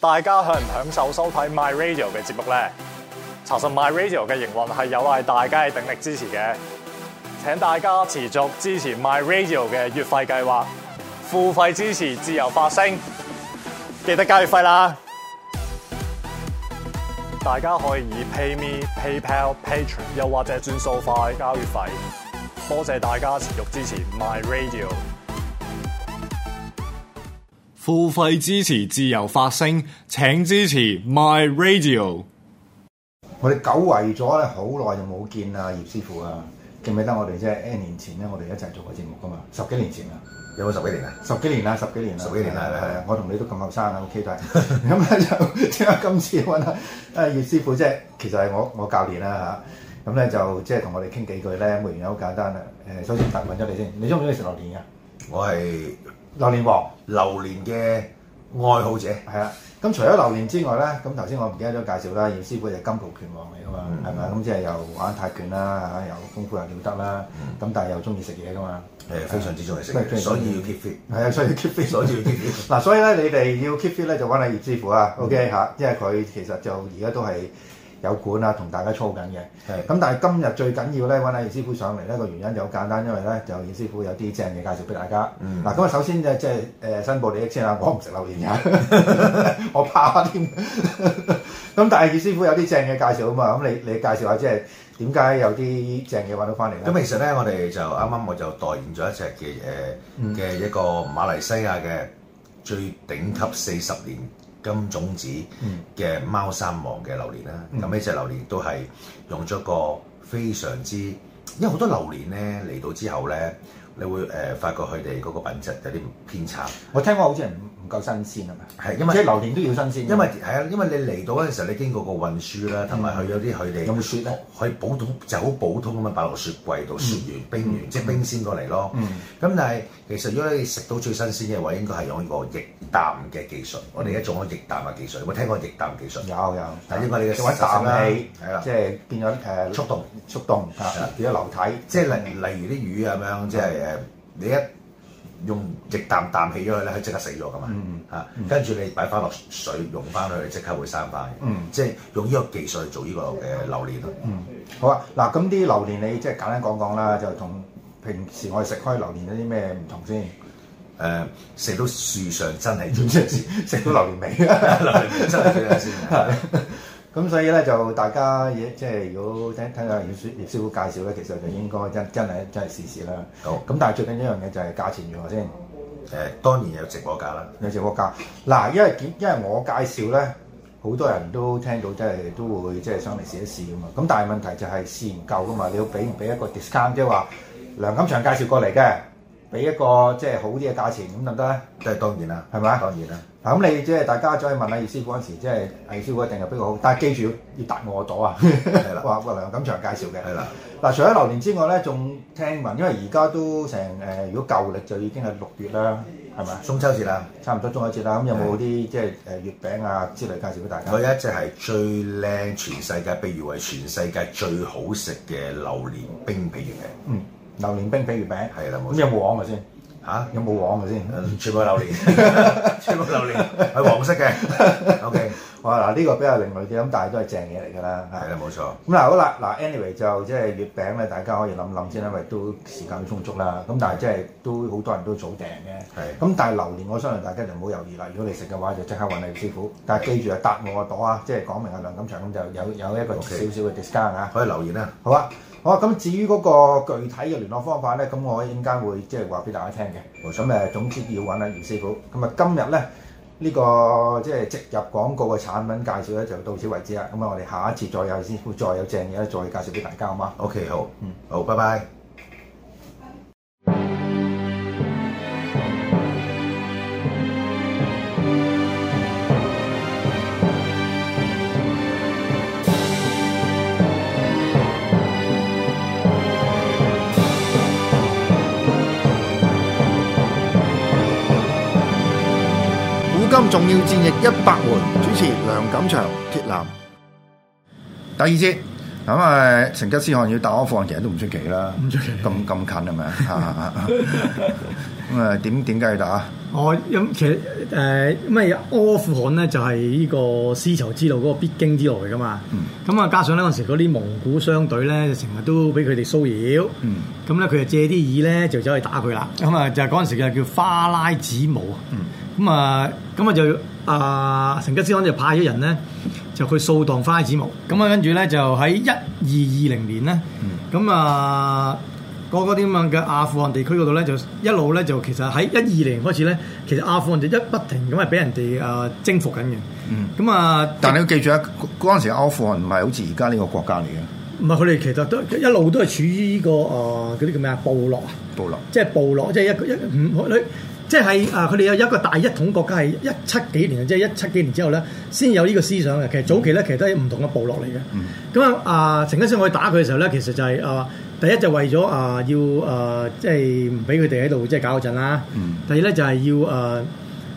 大家享唔享受收睇 My Radio 嘅節目咧？查實 My Radio 嘅營運係有賴大家嘅鼎力支持嘅，請大家持續支持 My Radio 嘅月費計劃，付費支持自由發聲，記得交月費啦！ 大家可以以 PayMe、PayPal、Patreon，又或者轉數快交月費，多謝大家持續支持 My Radio。付費支持自由發聲，請支持 My Radio。我哋久違咗咧，好耐就冇見啦，葉師傅啊，記唔記得我哋即係？N 年前咧，我哋一齊做過節目噶嘛，十幾年前啦，有冇十幾年啊？十幾年啦，十幾年啦，十幾年啦，係啊、嗯，我同你都咁後生啊，O K，都係。咁咧就點解今次揾阿葉師傅即係？其實係我我教練啦吓，咁、嗯、咧就即係同我哋傾幾句咧，原因好簡單啦。誒、嗯，首先問一問你先，你中唔中意食榴蓮噶？我係。榴蓮王，榴蓮嘅愛好者，係啊。咁除咗榴蓮之外咧，咁頭先我唔記得咗介紹啦。葉師傅就金童拳王嚟啊嘛，係咪？咁即係又玩泰拳啦，又功夫又了得啦。咁、mm hmm. 但係又中意食嘢噶嘛？誒、嗯，是非常之中意食，fit, 所以 fit, 所以要 keep fit。係啊，所以 keep fit，所以要 keep fit。嗱，所以咧，你哋要 keep fit 咧，就揾阿葉師傅啊。OK 吓，因為佢其實就而家都係。有管啊，同大家操緊嘅，咁是的 但係今日最緊要咧，揾阿葉師傅上嚟呢個原因就好簡單，因為咧就葉師傅有啲正嘅介紹俾大家。嗱，咁啊首先就即係誒申報利益先啦，我唔食榴蓮啊，我怕添。咁但係葉師傅有啲正嘅介紹啊嘛，咁你你介紹下即係點解有啲正嘅揾到翻嚟咧？咁、嗯、其實咧我哋就啱啱我就代言咗一隻嘅嘢，嘅、嗯、一個馬來西亞嘅最頂級四十年。金種子嘅貓山王嘅榴蓮啦，咁呢、嗯、隻榴蓮都係用咗一個非常之，因為好多榴蓮咧嚟到之後咧，你會誒、呃、發覺佢哋嗰個品質有啲偏差。我聽過好似係。夠新鮮吖嘛？係，即係榴蓮都要新鮮。因為係啊，因為你嚟到嗰陣時候，你經過個運輸啦，同埋去咗啲佢哋。用雪咧，去普通，就好普通咁樣擺落雪櫃度，雪完冰完，即係冰鮮過嚟咯。咁但係其實如果你食到最新鮮嘅話，應該係用呢個液氮嘅技術。我哋而家仲有液氮嘅技術，有冇聽過液氮技術？有有。但因為你嘅做緊氮氣啦，即係變咗誒，速凍，速凍，變咗流體。即係例例如啲魚咁樣，即係誒你一。用一啖啖氣咗佢咧，佢即刻死咗噶嘛嚇，跟住、嗯啊、你擺翻落水溶翻佢，即刻會生翻嗯，即係用呢個技術去做呢個誒榴蓮咯。嗯，好啊。嗱，咁啲榴蓮你即係簡單講講啦，就同平時我哋食開榴蓮有啲咩唔同先？誒、呃，食到樹上真係食、嗯、到榴蓮味、 嗯、榴蓮真係先？ 咁所以咧就大家嘢即係如果聽聽下葉師葉師傅介紹咧，其實就應該真真係真係試試啦。好，咁但係最緊一樣嘢就係價錢如何先？誒、欸、當然有直播價啦，有直播價。嗱，因為因為我介紹咧，好多人都聽到即係都會即係上嚟試一試噶嘛。咁但係問題就係試唔夠噶嘛，你要俾唔俾一個 discount，即係話梁錦祥介紹過嚟嘅。俾一個即係好啲嘅價錢咁得唔得咧？即係當然啦，係咪？當然啦。嗱咁你即係大家再問下葉師傅嗰陣時，即係魏師傅一定係比較好。但係記住要撻我個朵啊！係啦的， 哇哇梁錦祥介紹嘅。係啦的。嗱，除咗榴蓮之外咧，仲聽聞，因為而家都成誒、呃，如果舊歷就已經係六月啦，係咪？中秋節啦，差唔多中秋節啦。咁的有冇啲即係誒、呃、月餅啊之類介紹俾大家？佢一隻係最靚，全世界，被譽為全世界最好食嘅榴蓮冰皮月餅。嗯。榴蓮冰皮月餅係啊，咁有冇黃嘅先？嚇、啊，有冇黃嘅先？全部係榴蓮， 全部榴蓮係 黃色嘅。 OK。嗱，呢、這個比較另類啲，咁但係都係正嘢嚟㗎啦，係啦，冇錯。咁嗱，好啦，嗱，anyway 就即係月餅咧，大家可以諗諗先啦，因為都時間充足啦。咁、mm hmm. 但係即係都好多人都早訂嘅。係。咁但係榴蓮，我相信大家就唔好猶豫啦。如果你食嘅話就，就即刻揾阿姚師傅。但係記住啊，搭我個朵啊，即係講明阿梁錦祥咁就有有一個少少嘅 discount 啊，Okay. ount, 可以留言啊，好啊，好啊。咁至於嗰個具體嘅聯絡方法咧，咁我陣間會即係話俾大家聽嘅。咁誒，總之要揾阿姚師傅。咁啊，今日咧。呢個即係植入廣告嘅產品介紹咧，就到此為止啦。咁啊，我哋下一次再有先，會再有正嘢咧，再介紹俾大家，好嗎？OK，好，嗯，好，拜拜。今重要戰役一百回，主持梁錦祥、鐵男。第二節。咁啊，成吉思汗要打阿富汗其實都唔出奇啦，唔出奇咁咁近係咪咁啊，點點解要打？我咁、哦、其實誒、咁、呃、啊，阿富汗呢，就係呢個絲綢之路嗰個必經之路嚟噶嘛。咁啊、嗯，加上呢嗰陣時嗰啲蒙古商隊咧，成日都俾佢哋騷擾。咁咧、嗯、佢、嗯、就借啲意咧，就走去打佢啦。咁啊，就嗰陣時就叫花剌子模。嗯咁啊，咁啊、嗯、就啊、呃，成吉思汗就派咗人咧，就去掃蕩花剌子模。咁啊，跟住咧就喺一二二零年咧，咁啊、嗯，嗰、嗯那個咁樣嘅阿富汗地區嗰度咧，就一路咧就其實喺一二零開始咧，其實阿富汗就一不停咁係俾人哋啊征服緊嘅。咁啊，嗯嗯、但你要記住啊，嗰陣不時阿富汗唔係好似而家呢個國家嚟嘅。唔係，佢哋其實都一路都係處於呢個啊嗰啲叫咩啊部落啊，部落，即係部落，即係一一唔佢。嗯即係啊，佢、呃、哋有一個大一統國家係一七幾年，即、就、係、是、一七幾年之後咧，先有呢個思想嘅。其實早期咧，其實都係唔同嘅部落嚟嘅。咁啊啊，成吉思汗去打佢嘅時候咧，其實就係、是、啊、呃，第一就為咗啊，要、呃、啊，即係唔俾佢哋喺度即係搞陣啦。嗯、第二咧就係要啊、呃，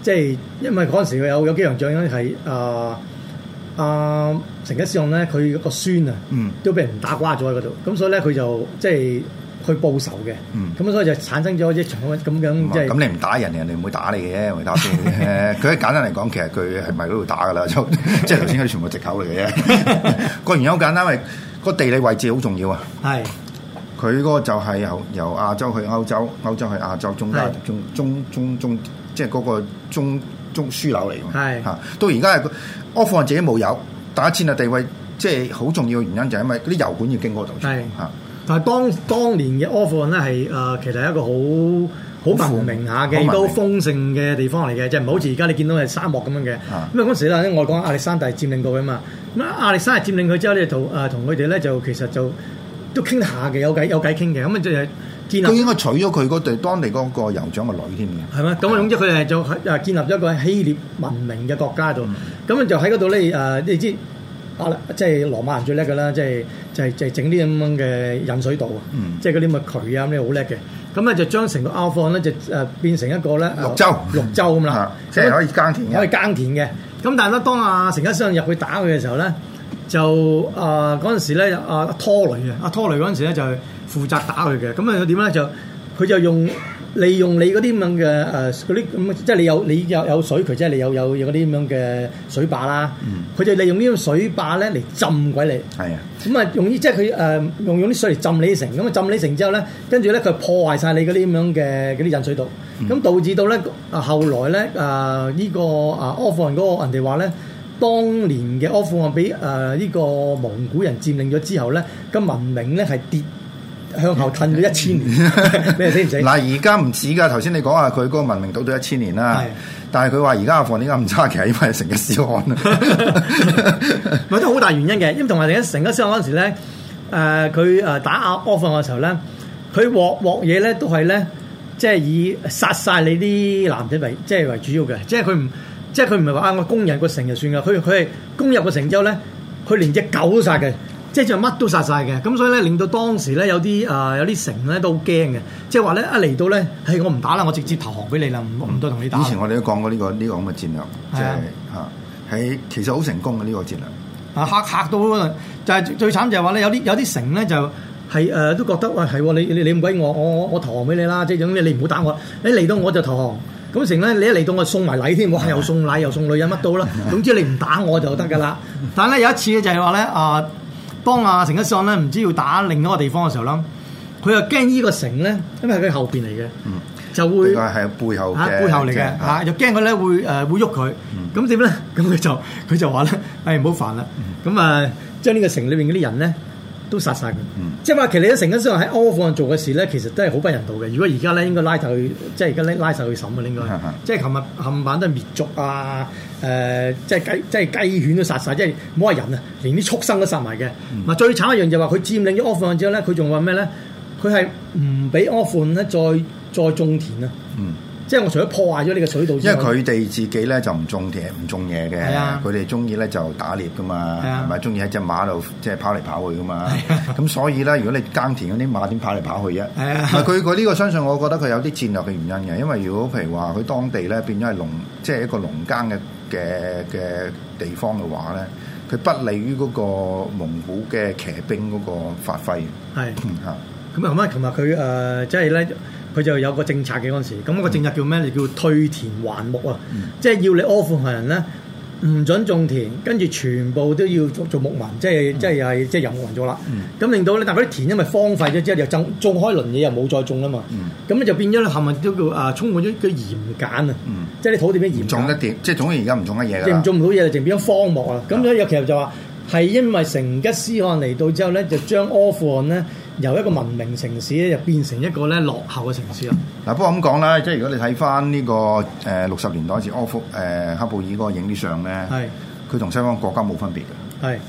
即係因為嗰陣時有有幾樣仗咧係啊啊，成吉思汗咧佢個孫啊，嗯、都俾人打瓜咗喺嗰度，咁所以咧佢就即係。即去報仇嘅，咁所以就產生咗一場咁樣即係。咁你唔打人，人哋唔會打你嘅，我打先。誒，佢簡單嚟講，其實佢係咪嗰度打㗎喇？即係頭先嗰啲全部藉口嚟嘅。個原因好簡單，咪個地理位置好重要啊。係。佢嗰個就係由由亞洲去歐洲，歐洲去亞洲中間中中中中，即係嗰個中中樞紐嚟㗎。係嚇。到而家係阿富汗自己冇油打戰啊，地位即係好重要嘅原因就係因為嗰啲油管要經過度住嚇。但係當當年嘅阿富汗咧係誒，其實一個很很好好文明下嘅、高豐盛嘅地方嚟嘅，即係唔好似而家你見到係沙漠咁樣嘅。咁啊，嗰時咧我講亞歷山大佔領到嘅嘛。咁啊，亞歷山大佔領佢之後咧，就誒同佢哋咧就其實就都傾下嘅，有偈有偈傾嘅。咁即係建立佢應該娶咗佢嗰隊當地嗰個酋長嘅女添嘅。係咩？咁啊，總之佢哋就係建立咗一個希臘文明嘅國家度。咁就喺嗰度咧誒，你，你知阿即係羅馬人最叻嘅啦，即係。就係就係整啲咁樣嘅引水道、嗯、啊，即係嗰啲乜渠啊咩好叻嘅，咁咧就將成個凹方咧就誒變成一個咧綠洲州，綠洲咁啦，即係 可以耕田，可以耕田嘅。咁、嗯、但係咧、啊，當阿成吉思汗入去打佢嘅時候咧，就誒嗰陣時咧，阿拖雷啊，阿拖雷嗰陣時咧就係、負責打佢嘅，咁佢點咧就佢就用。利用你嗰啲咁嘅誒嗰啲咁，即係你有你有有水渠，即係你有有有嗰啲咁樣嘅水壩啦。嗯，佢就利用呢種水壩咧嚟浸鬼你。係啊是的，咁啊、呃、用依即係佢誒用用啲水嚟浸你成，咁啊浸你成之後咧，跟住咧佢破壞晒你嗰啲咁樣嘅嗰啲引水道。咁、嗯、導致到咧啊後來咧啊依個啊阿富汗嗰個人哋話咧，當年嘅阿富汗俾誒依個蒙古人佔領咗之後咧，個文明咧係跌。向後褪咗一千年， 你話死唔死？嗱，而家唔止噶。頭先你講下，佢嗰個文明倒咗一千年啦。是的 但係佢話而家個房點解咁差？其實因為成吉思汗啊，咪都好大原因嘅。因為同埋你一成吉思汗嗰陣時咧，誒佢誒打壓波房嘅時候咧，佢鑊鑊嘢咧都係咧，即係以殺晒你啲男仔為即係為主要嘅。即係佢唔即係佢唔係話啊，我攻入個城就算噶。佢佢攻入個城之後咧，佢連隻狗都殺嘅。 即係就乜都殺晒嘅，咁所以咧令到當時咧有啲啊有啲城咧都好驚嘅，即係話咧一嚟到咧，唉我唔打啦，我直接投降俾你啦，唔唔再同你打。以前我哋都講過呢個呢個咁嘅戰略，即係嚇，喺其實好成功嘅呢個戰略。嚇嚇到就係最慘就係話咧，有啲有啲城咧就係誒都覺得喂係你你唔咁鬼惡，我我我投降俾你啦，即係總之你唔好打我，你嚟到我就投降。咁成咧你一嚟到我送埋禮添，我係又送禮又送女人乜都啦，總之你唔打我就得㗎啦。但係咧有一次就係話咧啊～幫阿成吉思汗咧，唔、啊、知要打另一個地方嘅時候啦，佢又驚呢個城咧，因為佢後邊嚟嘅，嗯、就會係係背後嘅、啊，背後嚟嘅，啊，啊又驚佢咧會誒、呃、會喐佢，咁點咧？咁佢就佢就話咧，誒唔好煩啦，咁啊將呢個城裏邊嗰啲人咧。都殺晒佢，即係話其實你成日喺阿富汗做嘅事咧，其實都係好不人道嘅。如果而家咧，應該拉晒佢，即係而家拉晒佢審啊，應該。是是即係琴日、琴晚都滅族啊！誒、呃，即係雞、即係雞犬都殺晒，即係唔好話人啊，連啲畜生都殺埋嘅。嗱、嗯，最慘一樣就話佢佔領咗阿富汗之後咧，佢仲話咩咧？佢係唔俾阿富汗咧再再種田啊！嗯因為我除咗破壞咗你個水道之外，因為佢哋自己咧就唔種田、唔種嘢嘅，佢哋中意咧就打獵噶嘛，唔係中意喺隻馬度即係跑嚟跑去噶嘛，咁、啊、所以咧如果你耕田嗰啲馬點跑嚟跑去啫？唔係佢佢呢個相信我覺得佢有啲戰略嘅原因嘅，因為如果譬如話佢當地咧變咗係農，即係一個農耕嘅嘅嘅地方嘅話咧，佢不利於嗰個蒙古嘅騎兵嗰個發揮。係、啊，咁啊，同埋同埋佢誒，即係咧，佢就有個政策嘅嗰陣時。咁、嗯、個政策叫咩？就叫退田還牧啊！嗯、即係要你阿富汗人咧，唔准種田，跟住全部都要做牧民，即係、嗯、即係又係即係遊牧民族啦。咁、嗯、令到咧，但係嗰啲田因為荒廢咗，之後又種種開輪嘢又冇再種啦嘛。咁咧、嗯、就變咗咧，冚唪唥都叫啊，充滿咗嘅鹽鹼啊！嗯、即係你土地咧鹽。種得啲，即係總而言之，而家唔種乜嘢㗎。淨做唔到嘢，就變咗荒漠啊！咁所以其實就話係因為成吉思汗嚟到之後咧，就將阿富汗咧。由一個文明城市咧，又變成一個咧落後嘅城市啦。嗱， 不過咁講啦，即係如果你睇翻呢個誒六十年代時，阿富誒喀、呃、布爾嗰個影啲相咧，佢同是西方國家冇分別嘅，是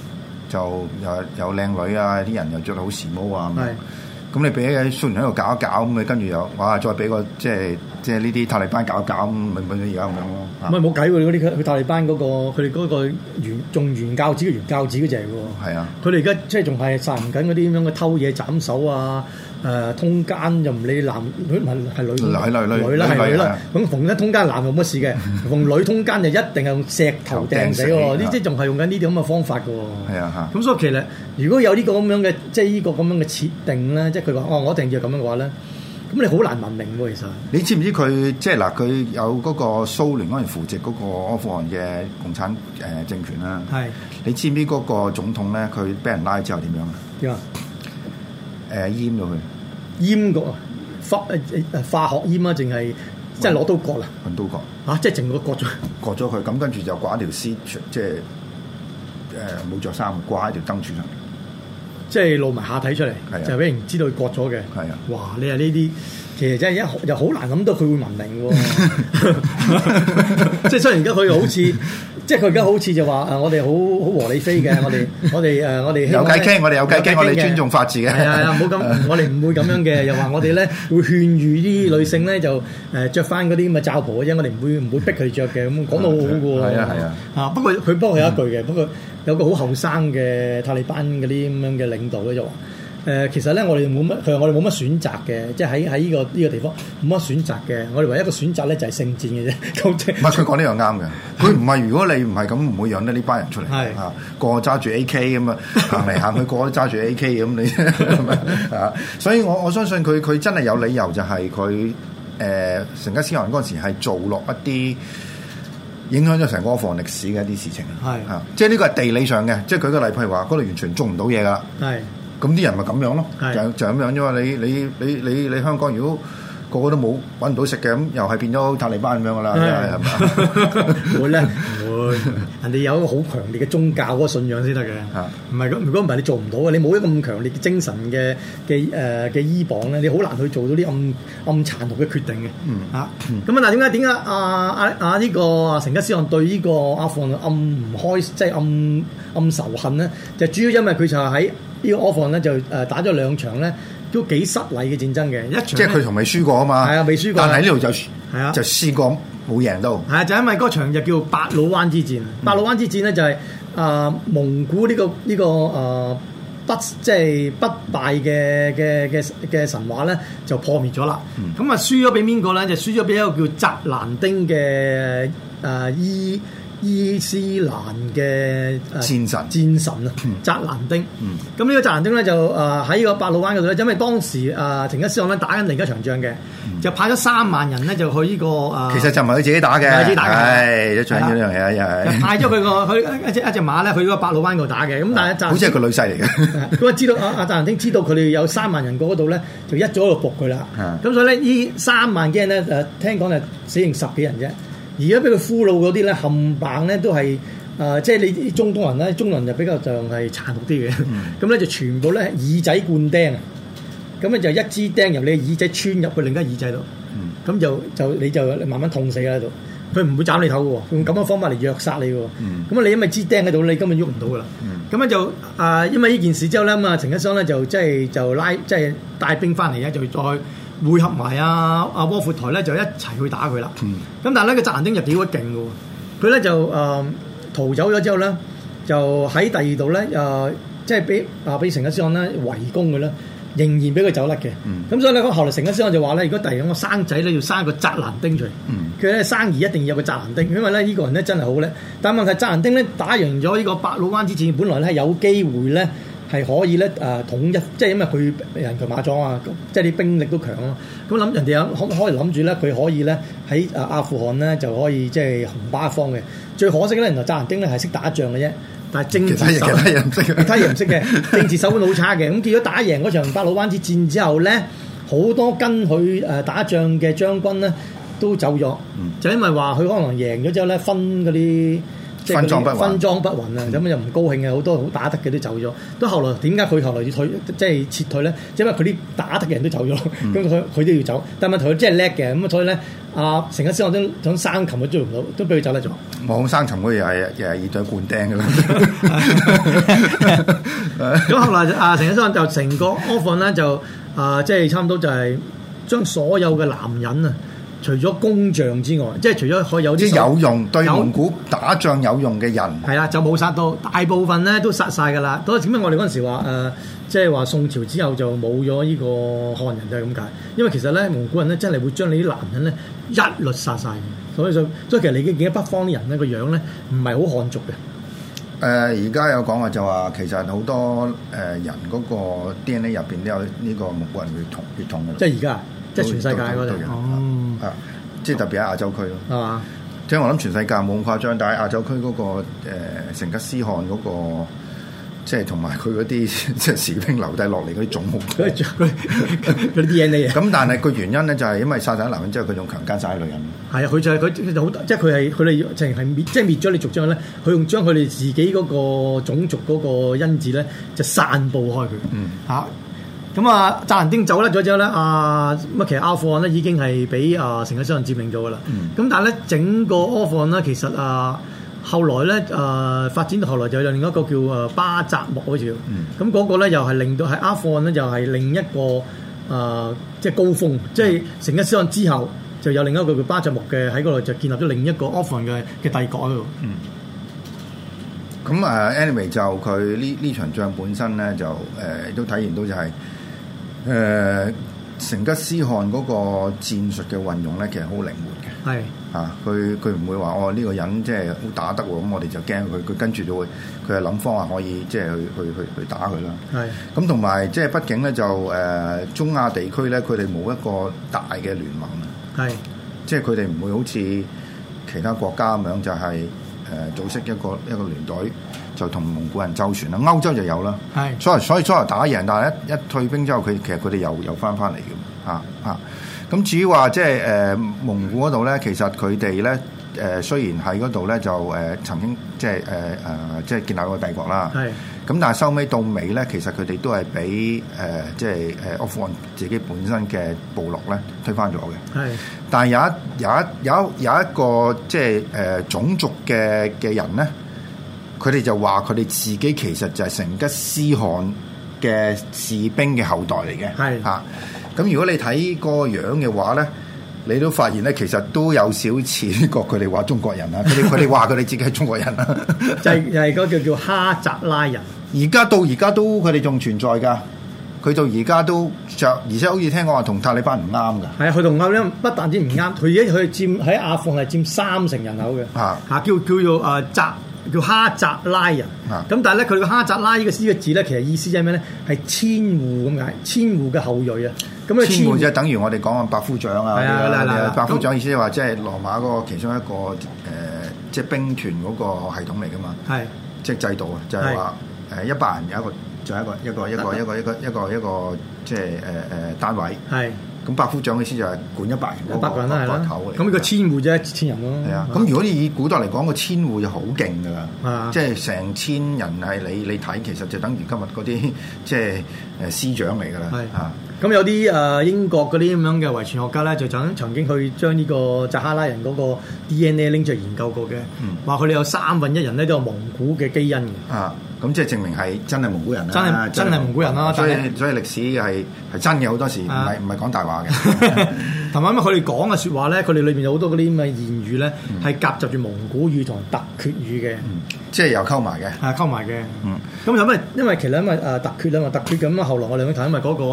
就有有靚女啊，啲人又着得好時髦啊。咁、嗯、你俾啲蘇聯喺度搞一搞，咁啊跟住又，哇！再俾個即係即係呢啲塔利班搞一搞，咁咪咪佢而家咁樣咯。唔係冇計喎，你嗰啲佢塔利班嗰、那個，佢哋嗰個原仲原教旨嘅原教旨嗰隻喎。係是啊，啊，佢哋而家即係仲係行緊嗰啲咁樣嘅偷嘢斬手啊！誒通奸就唔理男，唔係女，女，女的女女啦，係啦的。咁逢得通奸男冇乜事嘅，逢 女通奸就一定係用石頭掟死喎。呢啲仲係用緊呢啲咁嘅方法嘅。係啊，嚇！咁所以其實如果有呢個咁樣嘅，即係依個咁樣嘅設定咧，即係佢話哦，我一定要咁樣嘅話咧，咁你好難文明喎。其實你知唔知佢即係嗱？佢有嗰個蘇聯嗰陣扶植嗰個阿富汗嘅共產誒政權啦。係的。你知唔知嗰個總統咧？佢俾人拉之後點樣啊？點啊樣？誒閹咗佢。 閹過，化，誒誒、呃、化學閹哇啊，淨係即係攞刀割啦，用刀割吓，即係淨我割咗，割咗佢，咁跟住就掛一條絲，即係誒冇着衫，掛喺條燈柱上面，即係露埋下體出嚟，啊、就俾人知道佢割咗嘅，係啊，哇，你係呢啲。誒，真係一又好難諗到佢會文明喎！即係雖然而家佢又好似，即係佢而家好似就話誒，我哋好好和理非嘅，我哋我哋誒，我哋有偈傾，我哋有偈傾，我哋尊重法治嘅。係啊，唔好咁，我哋唔會咁樣嘅，又話我哋咧會勸喻啲女性咧就誒著翻嗰啲咁嘅罩袍，因為我哋唔會唔會逼佢著嘅。咁講到好好嘅喎。係啊，係啊。啊，不過佢不過佢有一句嘅，不過有個好後生嘅塔利班嗰啲咁樣嘅領導咧就話。誒、呃，其實咧，我哋冇乜，佢話我哋冇乜選擇嘅，即係喺喺依個依、依個地方冇乜選擇嘅。我哋唯一一個選擇咧就係勝戰嘅啫。唔係佢講呢樣啱嘅，佢唔係。如果你唔係咁，唔會養得呢班人出嚟。係是啊，個揸住 AK 咁啊，行嚟行去個都揸住 AK 咁，你啊，所以我我相信佢佢真係有理由就，就係佢誒成吉思汗嗰陣時係做落一啲影響咗成個俄羅斯歷史嘅一啲事情。係是、啊、即係呢個係地理上嘅，即係舉個例，譬如話嗰度完全捉唔到嘢㗎啦。係。咁啲人咪咁樣咯的，就就是、咁樣啫嘛！你你你你你香港如果個個都冇搵唔到食嘅，咁又係變咗塔利班咁樣噶啦，真係係咪？會咧，唔會。人哋有一個好強烈嘅宗教信仰先得嘅。嚇的，唔係咁。如果唔係你做唔到嘅，你冇咗咁強烈嘅精神嘅嘅誒嘅依傍咧，你好難去做到啲咁暗，暗殘毒嘅決定嘅、啊嗯。嗯。咁啊嗱？點解點解阿阿阿呢個成吉思汗對呢個阿富汗暗唔開，即係暗暗仇恨咧？就是、主，要主要因為佢就喺。個呢個阿富汗咧就誒打咗兩場咧都幾失禮嘅戰爭嘅，一場即係佢仲未輸過啊嘛，係啊未輸過，但係呢度就係啊就試過冇贏到，係啊就因為嗰場就叫八魯灣之戰，八魯灣之戰咧就係、是、誒、呃、蒙古呢、這個呢、這個誒、呃、不即係不敗嘅嘅嘅嘅神話咧就破滅咗啦，咁啊輸咗俾邊個咧就輸咗俾一個叫扎蘭丁嘅誒伊。呃呃伊斯蘭嘅戰、啊、神，戰神啦，扎蘭丁。咁、嗯、呢個扎蘭丁咧就啊喺呢個八魯灣嗰度咧，因為當時啊，成、呃、吉思汗咧打緊另一場仗嘅，嗯、就派咗三萬人咧就去呢、這個啊。呃、其實就唔係佢自己打嘅，係、哎、一仗嘅樣嘢又係。啊、是派咗佢個佢一隻一隻馬咧，去呢個八魯灣度打嘅。咁但係好似係個女婿嚟嘅。咁 啊啊啊、知道啊，扎蘭丁知道佢哋有三萬人過嗰度咧，就一早喺度伏佢啦。咁 所以咧，呢三萬人咧，誒聽講就死剩十幾人啫。而家俾佢俘虜嗰啲咧，冚唪棒咧都係，啊、呃，即係你中東人咧，中東人就比較就係殘酷啲嘅，咁咧、mm. 就全部咧耳仔灌釘啊，咁咧就一支釘入你嘅耳仔穿入去另一耳仔度，咁就就你就慢慢痛死啦喺度，佢唔會斬你頭嘅喎，用咁嘅方法嚟虐殺你嘅喎，咁啊、mm. 你因為支釘喺度，你根本喐唔到噶啦，咁咧、mm. 就啊、呃、因為呢件事之後咧，咁、嗯、啊成吉思汗咧就即係就，就拉即係帶兵翻嚟咧，就再。匯合埋阿啊，啊窩闊台咧就一齊去打佢啦。咁、嗯、但係咧個扎蘭丁就幾鬼勁嘅喎。佢咧就誒逃走咗之後咧，就喺第二度咧又即係俾啊俾成吉思汗咧圍攻佢啦，仍然俾佢走甩嘅。咁、嗯、所以咧，咁後來成吉思汗就話咧，如果第二個生仔咧，要生一個扎蘭丁出嚟。佢咧、嗯、生兒一定要有個扎蘭丁，因為咧呢、這個人咧、這個、真係好叻。但係問題扎蘭丁咧打贏咗呢個八魯灣之前，本來咧有機會咧。係可以咧，誒、呃、統一，即係因為佢人強馬壯啊，即係啲兵力都強啊。咁諗人哋有可可以諗住咧，佢可以咧喺誒阿富汗咧就可以即係、就是、紅巴一方嘅。最可惜咧，原來扎蘭丁咧係識打仗嘅啫，但係政治其，其他嘢其他嘢唔識嘅， 政治手腕好差嘅。咁見到打贏嗰場八魯灣之戰之後咧，好多跟佢誒打仗嘅將軍咧都走咗，嗯、就因為話佢可能贏咗之後咧分嗰啲。分裝不均，分裝、嗯、不均啊！咁樣又唔高興嘅，好多好打得嘅都走咗。都後來點解佢後來要退，即係撤退咧？因為佢啲打得嘅人都走咗，咁佢佢都要走。但問題佢真係叻嘅，咁所以咧，阿、啊、成吉思汗想想生擒佢，追唔到，都俾佢走得咗。冇生擒佢，又係又係耳仔灌釘嘅。咁後來阿成吉思汗就成個 offer 咧就啊，即係差唔多就係將所有嘅男人啊。除咗工匠之外，即係除咗佢有啲有用對蒙古打仗有用嘅人，係啦，就冇殺到大部分咧都殺晒㗎啦。所以點解我哋嗰陣時話誒即係話宋朝之後就冇咗呢個漢人就係咁解，因為其實咧蒙古人咧真係會將你啲男人咧一律殺晒。所以所以，所以，所以其實你見見北方啲人咧個樣咧唔係好漢族嘅。誒而家有講話就話其實好多誒、呃、人嗰個 DNA 入邊都有呢個蒙古人血同血統嘅。即係而家。即係全世界嗰度，啊、哦嗯，即係特別喺亞洲區咯，係嘛？即係我諗全世界冇咁誇張，但係亞洲區嗰、那個、呃、成吉思汗嗰、那個，即係同埋佢嗰啲即係士兵留低落嚟嗰啲種族，嗰啲嗰啲嗰嘢。咁 但係個原因咧，就係因為殺晒男人之後，佢仲強奸晒女人。係啊，佢就係佢好，即係佢係佢哋直情係滅，即、就、係、是、滅咗你族將咧，佢用將佢哋自己嗰個種族嗰個因子咧，就散佈開佢。嗯，好、啊。咁啊，扎蘭丁走甩咗之後咧，啊，乜其實阿富汗咧已經係俾啊成吉思汗佔領咗噶啦。咁、嗯、但係咧整個阿富汗咧，其實啊，後來咧啊、呃、發展到後來就有另一個叫啊巴扎木好似。咁嗰、嗯、個咧又係令到喺阿富汗咧又係另一個啊、呃、即係高峰，即係、嗯、成吉思汗之後就有另一個叫巴扎木嘅喺嗰度就建立咗另一個阿富汗嘅嘅帝國喺度。嗯。咁啊 anyway 就佢呢呢場仗本身咧就誒、呃、都體現到就係。誒、呃、成吉思汗嗰個戰術嘅運用咧，其實好靈活嘅。係是啊，佢佢唔會話我呢個人即係好打得喎，咁、嗯、我哋就驚佢佢，跟住就會佢就諗方法可以即係、就是、去去去去打佢啦。係咁，同埋即係畢竟咧就誒、呃、中亞地區咧，佢哋冇一個大嘅聯盟啊。係是即係佢哋唔會好似其他國家咁樣就係、是、誒、呃、組織一個一個、一個聯隊。就同蒙古人周旋啦，歐洲就有啦是，所以所以所以打贏，但係一一退兵之後，佢其實佢哋又又翻翻嚟嘅，啊啊！咁至於話即係誒蒙古嗰度咧，其實佢哋咧誒雖然喺嗰度咧就誒、呃、曾經即係誒誒即係建立一個帝國啦，咁是但係收尾到尾咧，其實佢哋都係俾誒即係誒阿富汗自己本身嘅部落咧推翻咗嘅，係是。但係有一有一有有，有一個即係誒種族嘅嘅人咧。呃佢哋就話佢哋自己其實就係成吉思汗嘅士兵嘅後代嚟嘅，係吓的。咁、啊、如果你睇個樣嘅話咧，你都發現咧，其實都有少似過佢哋話中國人啊。佢哋話佢哋自己係中國人啊、就是，就係就係嗰個叫做哈扎拉人。而家到而家都佢哋仲存在㗎。佢到而家都着，而且好似聽講話同塔利班唔啱㗎。係啊，佢同啱咧，不但止唔啱，佢而家佢佔喺阿富汗係佔三成人口嘅的。啊啊叫叫做啊扎。叫哈扎拉人，咁但係咧佢個哈扎拉呢個詩嘅字咧，其實意思係咩咧？係千戶咁解，千戶嘅後裔啊！咁啊，千戶即係等於我哋講嘅百夫長啊，係啦啦啦！百夫長意思就係話即係羅馬嗰個其中一個誒，即係兵團嗰個系統嚟噶嘛，係即係制度啊，就係話誒一百人有一個，再一個一個一個一個一個一個一個即係誒誒單位係。咁百夫長嘅意思就係管一百人，百人啦，個個頭嚟，咁呢個千戶啫，千人咯。係啊，咁、啊啊、如果你以古代嚟講，個千戶就好勁噶啦，啊、即係成千人係你你睇，其實就等於今日嗰啲即係誒師長嚟噶啦。係啊，咁、啊啊、有啲誒、呃、英國嗰啲咁樣嘅遺傳學家咧，就曾曾經去將呢個扎哈拉人嗰個 DNA 拎出嚟研究過嘅，話佢哋有三分一人咧都有蒙古嘅基因啊！咁即係證明係真係蒙古人啦，真係真係蒙古人啦。人所以是所以歷史係係真嘅，好多時唔係唔係講大話嘅。 同埋乜佢哋講嘅説話咧，佢哋裏邊有好多嗰啲咁嘅言語咧，係夾雜住蒙古語同突厥語嘅、嗯，即係又溝埋嘅。係溝埋嘅。咁有咩？因為其實因為誒突厥啊，突厥咁啊，後來我哋去睇，因為嗰個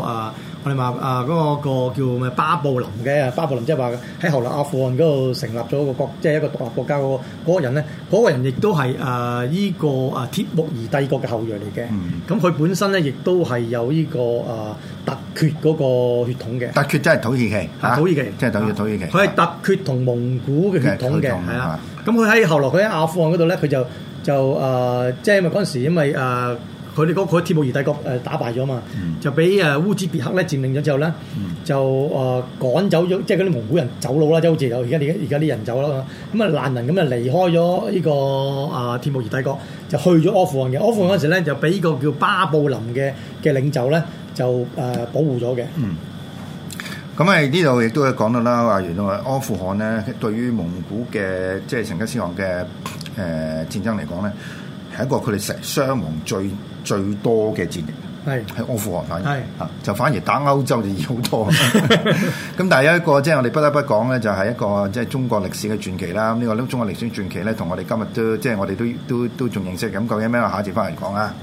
我哋話誒嗰個叫咩巴布林嘅，巴布林即係話喺後來阿富汗嗰度成立咗一個國，即係一個獨立國家個嗰個人咧，嗰個人亦都係誒依個誒鐵木兒帝國嘅後裔嚟嘅。咁佢、嗯、本身咧亦都係有呢個誒。啊突厥嗰個血統嘅，突厥真係土耳其土耳其，真係等於土耳其。佢係突厥決同、啊、蒙古嘅血統嘅，係決啊。咁佢喺後來佢喺阿富汗嗰度咧，佢就、呃、就誒，即係因為嗰陣時，因為誒，佢哋嗰個鐵木兒帝國誒打敗咗嘛，嗯、就俾誒、呃、烏茲別克咧佔領咗之後咧，嗯、就誒趕走咗，即係嗰啲蒙古人走佬啦，即好似有而家而家而家啲人走啦，咁啊難民咁啊離開咗呢、這個誒鐵木兒帝國，就、呃呃、去咗阿富汗嘅。阿富汗嗰陣時咧，就俾個叫巴布林嘅嘅領袖咧。呃呃呃呃呃呃就誒、呃、保護咗嘅，嗯，咁啊呢度亦都係講到啦，話原來阿富汗咧對於蒙古嘅即係成吉思汗嘅誒戰爭嚟講咧，係一個佢哋成傷亡最最多嘅戰役，係喺是阿富汗反而，係是啊就反而打歐洲就要好多，咁 但係有一個即係、就是、我哋不得不講咧，就係、是、一個即係中國歷史嘅傳奇啦。呢、嗯這個中國歷史嘅傳奇咧，同我哋今日都即係我哋都都都仲認識咁，究竟咩話下一節翻嚟講啊？